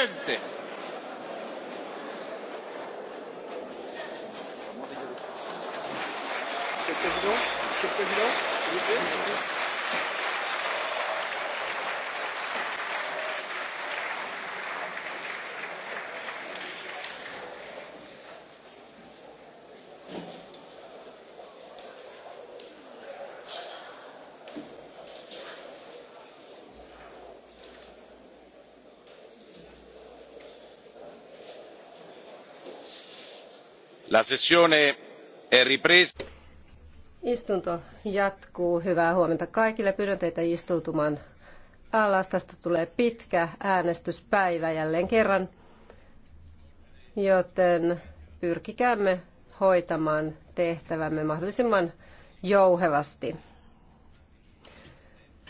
Presidente. Monsieur le Président, Monsieur le Président, s'il vous plaît. La sessione è ripresa. Istunto jatkuu. Hyvää huomenta kaikille. Pyydän teitä istuutumaan alas. Tästä tulee pitkä äänestyspäivä jälleen kerran, joten pyrkikäämme hoitamaan tehtävämme mahdollisimman jouhevasti.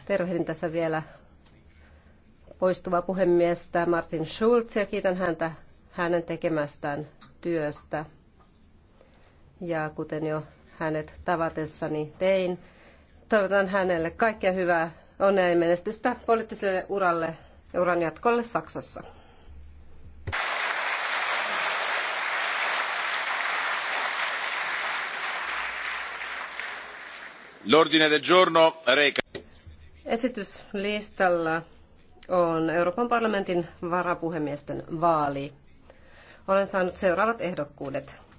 Tervehdin tässä vielä poistuvaa puhemiestä Martin Schulz ja kiitän häntä hänen tekemästään työstä. Ja kuten jo hänet tavatessani tein, toivotan hänelle kaikkea hyvää onnea ja menestystä poliittiselle uralle ja uran jatkolle Saksassa. L'ordine del giorno reca. Esityslistalla on Euroopan parlamentin varapuhemiesten vaali. Olen saanut seuraavat ehdokkuudet.